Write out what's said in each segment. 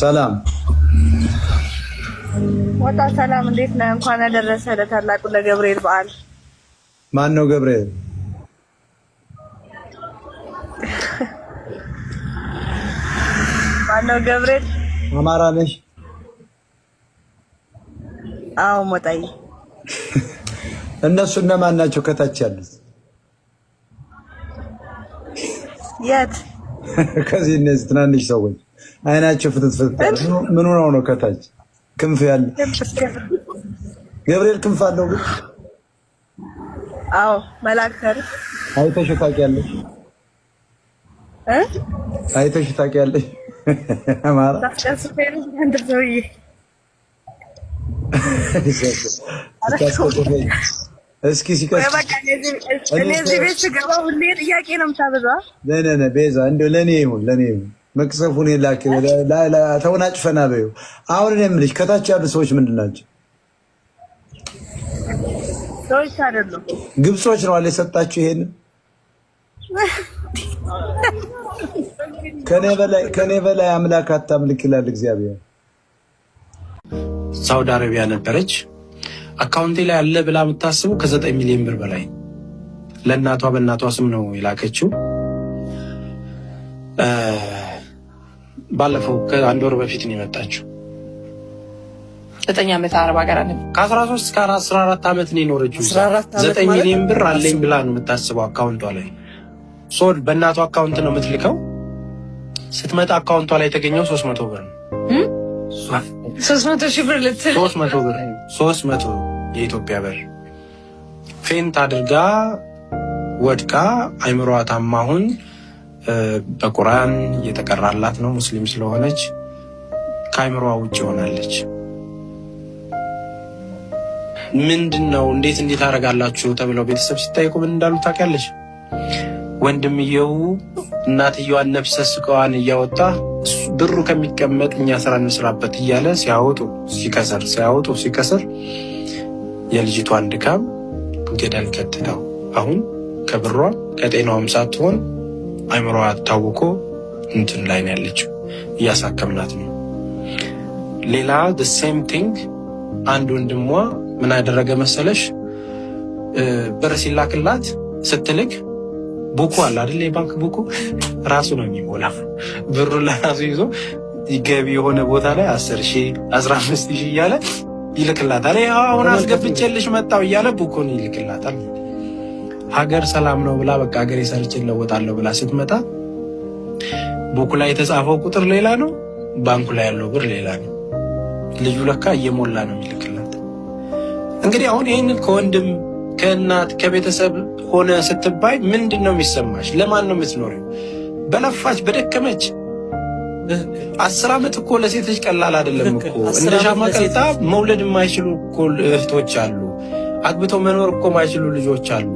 ሰላም ወጣ ሰላም፣ እንዴት ነህ? እንኳን ያደረሰ ለታላቁ ለገብርኤል በዓል። ማን ነው ገብርኤል? ማን ነው ገብርኤል? አማራ ነሽ? አዎ ሞጣይ እነሱ እነማን ናቸው ከታች ያሉት? የት? ከዚህ እነዚህ ትናንሽ ሰዎች አይናቸው ፍትት ፍትት ምን ሆነው ነው? ከታች ክንፍ ያለ ገብርኤል ክንፍ አለው ግን። አዎ መላክተር አይተሽ ታውቂያለሽ? እ አይተሽ ታውቂያለሽ? አማራ እስኪ ሲቀጥል እኔ እዚህ ቤት ስገባ ሁሌ ጥያቄ ነው የምታበዛው። ነው ቤዛ፣ እንደው ለእኔ ይሁን ለእኔ ይሁን መቅሰፉን የላክ ተውናጭ ፈና በዩ አሁን የምልሽ ከታች ያሉ ሰዎች ምንድን ናቸው? ሰዎች አይደሉም፣ ግብጾች ነው አለ የሰጣችሁ። ይሄን ከኔ በላይ አምላክ አታምልክ ይላል እግዚአብሔር። ሳውዲ አረቢያ ነበረች። አካውንቴ ላይ አለ ብላ የምታስቡ ከዘጠኝ ሚሊዮን ብር በላይ ለእናቷ በእናቷ ስም ነው የላከችው። ባለፈው ከአንድ ወር በፊት ነው የመጣችው። ዘጠኝ ዓመት አረብ ሀገር አለ ከአስራ ሶስት ከ አስራ አራት ዓመት ነው የኖረችው። ዘጠኝ ሚሊዮን ብር አለኝ ብላ ነው የምታስበው አካውንቷ ላይ ሶል በእናቷ አካውንት ነው የምትልከው። ስትመጣ አካውንቷ ላይ የተገኘው ሶስት መቶ ብር ነው። ሶስት መቶ ሺህ ብር ልትል ሶስት መቶ ብር ሶስት መቶ የኢትዮጵያ ብር ፌንት አድርጋ ወድቃ አይምሯ ታማሁን በቁርአን የተቀራላት ነው። ሙስሊም ስለሆነች ከአይምሮዋ ውጭ ሆናለች። ምንድን ነው እንዴት እንዴት አደርጋላችሁ ተብለው ቤተሰብ ሲታይቁ ምን እንዳሉ ታውቂያለሽ? ወንድምየው እናትየዋን ነፍሰ ስጋዋን እያወጣ ብሩ ከሚቀመጥ እኛ ስራ እንስራበት እያለ ሲያወጡ ሲከስር ሲያወጡ ሲከስር የልጅቷን ድካም ገደል ከትተው አሁን ከብሯ ከጤናዋም ሳትሆን አይምሮ አታውቆ እንትን ላይ ነው ያለችው፣ እያሳከምናት ነው። ሌላ ሴም ቲንግ አንድ ወንድሟ ምን አደረገ መሰለሽ? ብር ሲላክላት ስትልክ ቡኩ አለ አይደል? የባንክ ቡኩ ራሱ ነው የሚሞላ ብሩ ለራሱ ይዞ ገቢ የሆነ ቦታ ላይ አስር ሺህ አስራ አምስት ሺህ እያለ ይልክላታል። አሁን አስገብቼልሽ መጣው እያለ ቡኩን ይልክላታል። ሀገር ሰላም ነው ብላ በቃ ሀገር የሰርች ለወጣለሁ ብላ ስትመጣ ቡኩ ላይ የተጻፈው ቁጥር ሌላ ነው፣ ባንኩ ላይ ያለው ብር ሌላ ነው። ልጁ ለካ እየሞላ ነው የሚልክላት። እንግዲህ አሁን ይህንን ከወንድም ከእናት ከቤተሰብ ሆነ ስትባይ ምንድን ነው የሚሰማሽ? ለማን ነው የምትኖሪው? በለፋች በደከመች አስር ዓመት እኮ ለሴት ልጅ ቀላል አይደለም እኮ። እንደ ሻማ ቀልጣ መውለድ የማይችሉ እህቶች አሉ። አግብተው መኖር እኮ የማይችሉ ልጆች አሉ።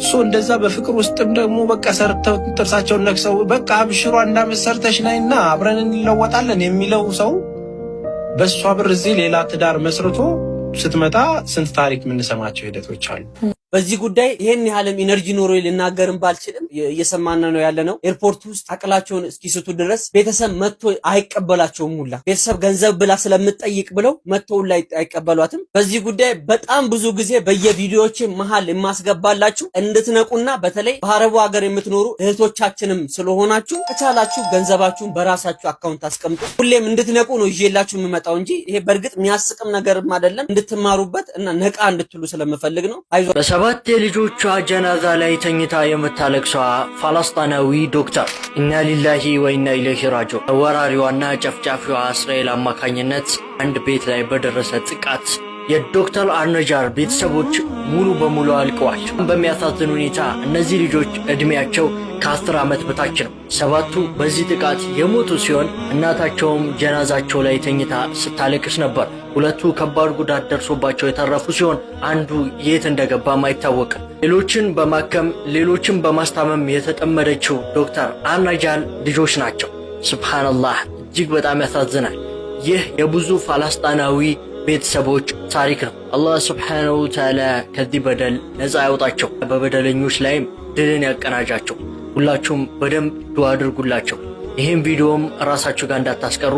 እሱ እንደዛ በፍቅር ውስጥም ደግሞ በቃ ሰርተው ጥርሳቸውን ነክሰው በቃ አብሽሯ እንዳመት ሰርተሽ ነይና አብረን እንለወጣለን የሚለው ሰው በእሷ ብር እዚህ ሌላ ትዳር መስርቶ ስትመጣ ስንት ታሪክ የምንሰማቸው ሂደቶች አሉ። በዚህ ጉዳይ ይሄን ያህልም ኢነርጂ ኖሮ ልናገርም ባልችልም እየሰማን ነው ያለ ነው። ኤርፖርት ውስጥ አቅላቸውን እስኪስቱ ድረስ ቤተሰብ መጥቶ አይቀበላቸውም። ሁላ ቤተሰብ ገንዘብ ብላ ስለምጠይቅ ብለው መጥቶ ላይ አይቀበሏትም። በዚህ ጉዳይ በጣም ብዙ ጊዜ በየቪዲዮዎች መሀል የማስገባላችሁ እንድትነቁና በተለይ በአረቡ ሀገር የምትኖሩ እህቶቻችንም ስለሆናችሁ ከቻላችሁ ገንዘባችሁን በራሳችሁ አካውንት አስቀምጡ። ሁሌም እንድትነቁ ነው ይዤላችሁ የምመጣው እንጂ ይሄ በእርግጥ የሚያስቅም ነገርም አይደለም። እንድትማሩበት እና ነቃ እንድትሉ ስለምፈልግ ነው። አይዞ ሰባት የልጆቿ ጀናዛ ላይ ተኝታ የምታለቅሰዋ ፋላስጣናዊ ዶክተር ኢና ሊላሂ ወኢና ኢለይሂ ራጆ ወራሪዋና ጨፍጫፊዋ እስራኤል አማካኝነት አንድ ቤት ላይ በደረሰ ጥቃት የዶክተር አርነጃር ቤተሰቦች ሙሉ በሙሉ አልቀዋል። በሚያሳዝን ሁኔታ እነዚህ ልጆች እድሜያቸው ከአስር ዓመት በታች ነው። ሰባቱ በዚህ ጥቃት የሞቱ ሲሆን እናታቸውም ጀናዛቸው ላይ ተኝታ ስታለቅስ ነበር። ሁለቱ ከባድ ጉዳት ደርሶባቸው የተረፉ ሲሆን አንዱ የት እንደገባም አይታወቅም። ሌሎችን በማከም ሌሎችን በማስታመም የተጠመደችው ዶክተር አርነጃር ልጆች ናቸው። ስብሓንላህ እጅግ በጣም ያሳዝናል። ይህ የብዙ ፋላስጣናዊ ቤተሰቦች ታሪክ ነው። አላህ ስብሓነሁ ተዓላ ከዚህ በደል ነፃ ያውጣቸው፣ በበደለኞች ላይም ድልን ያቀናጃቸው። ሁላችሁም በደንብ ዱዓ አድርጉላቸው። ይህም ቪዲዮም ራሳችሁ ጋር እንዳታስቀሩ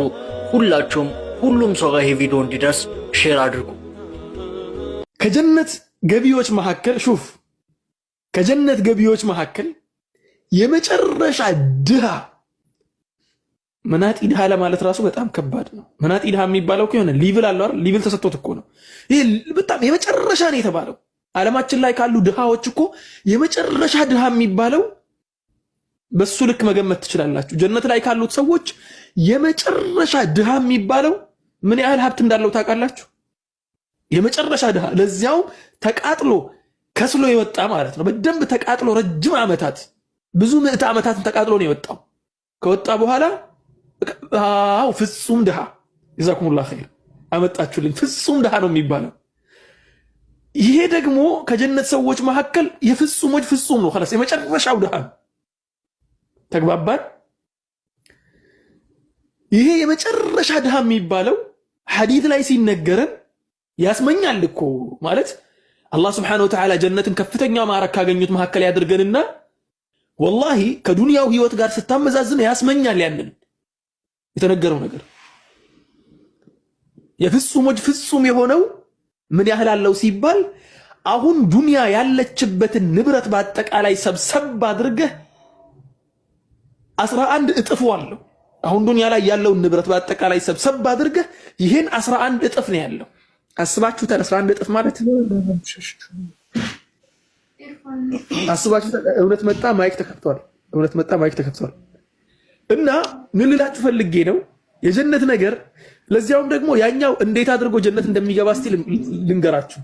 ሁላችሁም፣ ሁሉም ሰው ጋር ይህ ቪዲዮ እንዲደርስ ሼር አድርጉ። ከጀነት ገቢዎች መካከል ሹፍ ከጀነት ገቢዎች መካከል የመጨረሻ ድሃ መናጢ ድሃ ለማለት ራሱ በጣም ከባድ ነው። መናጢ ድሃ የሚባለው የሆነ ሊቭል አለው አይደል? ሊቭል ተሰጥቶት እኮ ነው። ይሄ በጣም የመጨረሻ ነው የተባለው። ዓለማችን ላይ ካሉ ድሃዎች እኮ የመጨረሻ ድሃ የሚባለው በሱ ልክ መገመት ትችላላችሁ። ጀነት ላይ ካሉት ሰዎች የመጨረሻ ድሃ የሚባለው ምን ያህል ሀብት እንዳለው ታውቃላችሁ? የመጨረሻ ድሃ ለዚያውም ተቃጥሎ ከስሎ የወጣ ማለት ነው። በደንብ ተቃጥሎ ረጅም ዓመታት ብዙ ምዕተ ዓመታትን ተቃጥሎ ነው የወጣው። ከወጣ በኋላ አዎ ፍጹም ድሃ ይዛኩሙላ ኸይር አመጣችሁልኝ። ፍጹም ድሃ ነው የሚባለው። ይሄ ደግሞ ከጀነት ሰዎች መካከል የፍጹሞች ፍጹም ነው። ላስ የመጨረሻው ድሃ ተግባባን። ይሄ የመጨረሻ ድሃ የሚባለው ሐዲት ላይ ሲነገረን ያስመኛል እኮ ማለት አላህ ስብሐነሁ ወተዓላ ጀነትን ከፍተኛ ማዕረግ ካገኙት መካከል ያድርገንና ወላሂ ከዱንያው ህይወት ጋር ስታመዛዝን ያስመኛል ያንን የተነገረው ነገር የፍጹሞች ፍጹም የሆነው ምን ያህል አለው ሲባል አሁን ዱንያ ያለችበትን ንብረት በአጠቃላይ ሰብሰብ አድርገህ አስራ አንድ እጥፍ አለው። አሁን ዱንያ ላይ ያለውን ንብረት በአጠቃላይ ሰብሰብ አድርገህ ይህን አስራ አንድ እጥፍ ነው ያለው። አስባችሁታል? አስራ አንድ እጥፍ ማለት አስባችሁታል? እውነት መጣ ማይክ ተከፍቷል። እውነት መጣ ማይክ ተከፍቷል። እና ምን ልላችሁ ፈልጌ ነው የጀነት ነገር ለዚያውም ደግሞ ያኛው እንዴት አድርጎ ጀነት እንደሚገባ እስቲ ልንገራችሁ።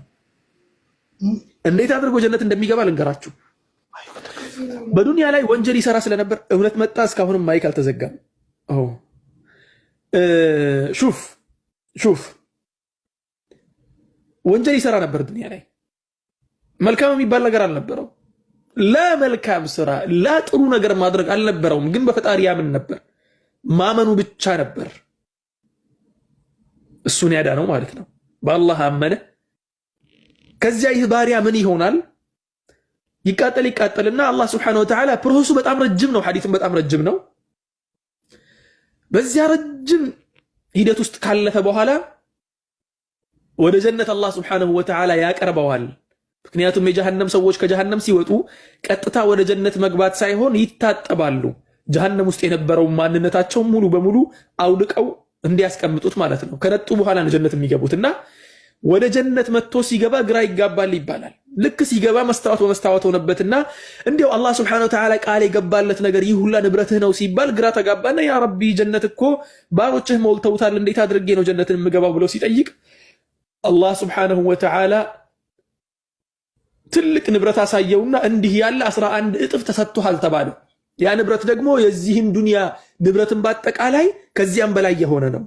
እንዴት አድርጎ ጀነት እንደሚገባ ልንገራችሁ። በዱንያ ላይ ወንጀል ይሰራ ስለነበር እውነት መጣ። እስካሁንም ማይክ አልተዘጋም። ሹፍ ሹፍ ወንጀል ይሰራ ነበር ዱንያ ላይ መልካም የሚባል ነገር አልነበረው። ለመልካም ስራ ለጥሩ ነገር ማድረግ አልነበረውም፣ ግን በፈጣሪ ያምን ነበር። ማመኑ ብቻ ነበር እሱን ያዳነው ማለት ነው። በአላህ አመነ። ከዚያ ይህ ባሪያ ምን ይሆናል? ይቃጠል ይቃጠልና አላህ ስብሐነሁ ወተዓላ ፕሮሰሱ በጣም ረጅም ነው፣ ሐዲቱም በጣም ረጅም ነው። በዚያ ረጅም ሂደት ውስጥ ካለፈ በኋላ ወደ ጀነት አላህ ስብሐነሁ ወተዓላ ያቀርበዋል። ምክንያቱም የጀሃነም ሰዎች ከጀሃነም ሲወጡ ቀጥታ ወደ ጀነት መግባት ሳይሆን ይታጠባሉ። ጀሃነም ውስጥ የነበረውን ማንነታቸው ሙሉ በሙሉ አውልቀው እንዲያስቀምጡት ማለት ነው። ከነጡ በኋላ ነው ጀነት የሚገቡት እና ወደ ጀነት መጥቶ ሲገባ ግራ ይጋባል ይባላል። ልክ ሲገባ መስታወት በመስታወት ሆነበትና እንዲያው አላህ ስብሐነሁ ወተዓላ ቃል የገባለት ነገር ይህ ሁላ ንብረትህ ነው ሲባል ግራ ተጋባና ያ ረቢ ጀነት እኮ ባሮችህ ሞልተውታል፣ እንዴት አድርጌ ነው ጀነትን የምገባው ብለው ሲጠይቅ አላህ ስብሐነሁ ወተዓላ ትልቅ ንብረት አሳየውና እንዲህ ያለ 11 እጥፍ ተሰጥቶሃል ተባለ። ያ ንብረት ደግሞ የዚህን ዱንያ ንብረትን በአጠቃላይ ከዚያም በላይ የሆነ ነው።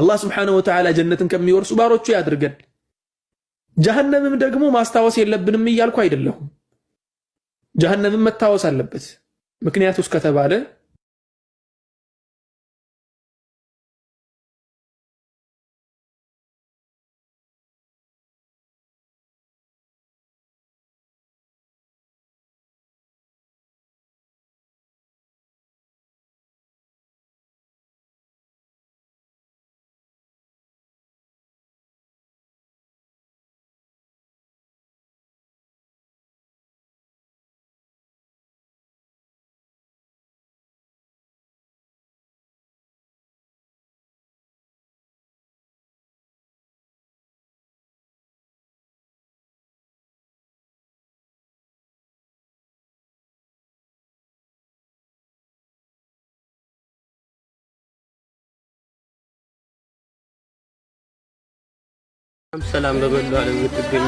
አላህ ስብሓነሁ ወተዓላ ጀነትን ከሚወርሱ ባሮቹ ያድርገን። ጀሃነምም ደግሞ ማስታወስ የለብንም እያልኩ አይደለሁም። ጀሀነምም መታወስ አለበት ምክንያቱስ ከተባለ ሰላም በመላው ዓለም የምትገኙ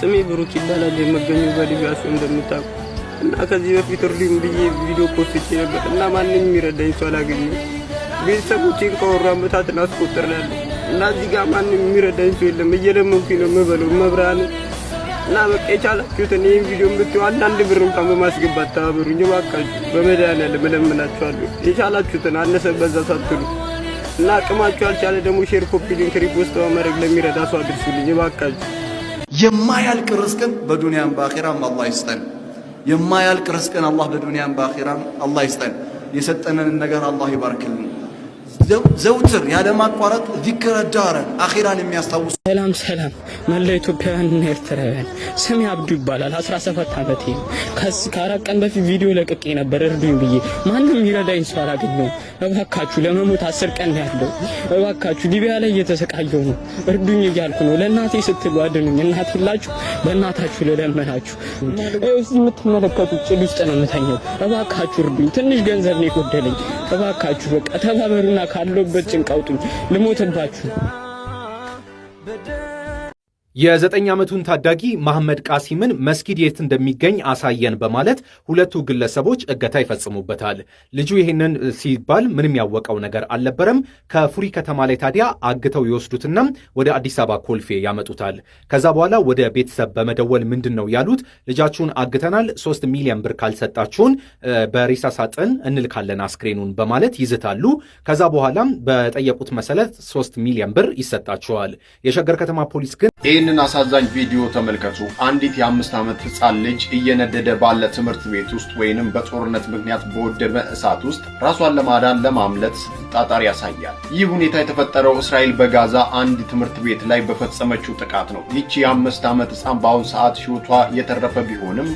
ስሜ ብሩክ ይባላል። የመገኘው በሊቢያ ሲሆን እንደምታውቁ እና ከዚህ በፊት እርዱኝ ብዬ ቪዲዮ ፖስቼ ነበር እና ማንም የሚረዳኝ ሰው አላገኘ። ቤተሰቦቼን ከወሩ ዓመታትን አስቆጥሬያለሁ እና እዚህ ጋር ማንም የሚረዳኝ ሰው የለም። እየለመንኩኝ ነው የምበለው መብራን እና በቃ የቻላችሁትን ይህን ቪዲዮ የምትዩ አንዳንድ ብር እንኳን በማስገባት ተባበሩኝ እባካችሁ፣ በመድኃኒዓለም እለምናችኋለሁ። የቻላችሁትን አነሰ በዛ ሳትሉ እና አቅማችሁ አልቻለ ደግሞ ሼር፣ ኮፒ ሊንክ፣ ሪፖስት በማድረግ ለሚረዳ ሰው አድርሱልኝ እባካችሁ። የማያልቅ ርዝቅን በዱንያም በአኺራም አላህ ይስጠን። የማያልቅ ርዝቅን አላህ በዱንያም በአኺራም አላህ ይስጠን። የሰጠንን ነገር አላህ ይባርክልን። ዘውትር ያለማቋረጥ ዚክረ ዳረ አኼራን የሚያስታውሱ ሰላም ሰላም፣ መላ ኢትዮጵያውያንና ኤርትራውያን። ስሜ አብዱ ይባላል። 17 ዓመቴ ነው። ከአራት ቀን በፊት ቪዲዮ ለቅቄ ነበር እርዱኝ ብዬ። ማንም ይረዳኝ ሰው አላገኘሁም። እባካችሁ ለመሞት አስር ቀን ያለው እባካችሁ፣ ሊቢያ ላይ እየተሰቃየሁ ነው። እርዱኝ እያልኩ ነው። ለእናቴ ስትሉ አድኑኝ። እናት የላችሁ በእናታችሁ ልለመናችሁ። የምትመለከቱት ጭድ ውስጥ ነው የምተኘው። እባካችሁ እርዱኝ። ትንሽ ገንዘብ ነው የጎደለኝ። እባካችሁ በቃ ተባበሩና ካለሁበት ጭንቅ አውጡኝ፣ ልሞትባችሁ የዘጠኝ ዓመቱን ታዳጊ መሐመድ ቃሲምን መስጊድ የት እንደሚገኝ አሳየን በማለት ሁለቱ ግለሰቦች እገታ ይፈጽሙበታል። ልጁ ይህንን ሲባል ምንም ያወቀው ነገር አልነበረም። ከፉሪ ከተማ ላይ ታዲያ አግተው ይወስዱትና ወደ አዲስ አበባ ኮልፌ ያመጡታል። ከዛ በኋላ ወደ ቤተሰብ በመደወል ምንድን ነው ያሉት? ልጃችሁን አግተናል፣ ሶስት ሚሊዮን ብር ካልሰጣችሁን በሬሳ ሳጥን እንልካለን አስክሬኑን በማለት ይዝታሉ። ከዛ በኋላም በጠየቁት መሰረት ሶስት ሚሊዮን ብር ይሰጣቸዋል። የሸገር ከተማ ፖሊስ ግን ይህንን አሳዛኝ ቪዲዮ ተመልከቱ። አንዲት የአምስት ዓመት ህፃን ልጅ እየነደደ ባለ ትምህርት ቤት ውስጥ ወይንም በጦርነት ምክንያት በወደመ እሳት ውስጥ ራሷን ለማዳን ለማምለጥ ስትጣጣር ያሳያል። ይህ ሁኔታ የተፈጠረው እስራኤል በጋዛ አንድ ትምህርት ቤት ላይ በፈጸመችው ጥቃት ነው። ይቺ የአምስት ዓመት ህፃን በአሁኑ ሰዓት ህይወቷ የተረፈ ቢሆንም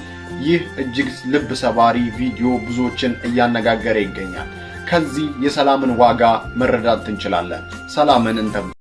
ይህ እጅግ ልብ ሰባሪ ቪዲዮ ብዙዎችን እያነጋገረ ይገኛል። ከዚህ የሰላምን ዋጋ መረዳት እንችላለን። ሰላምን እንተም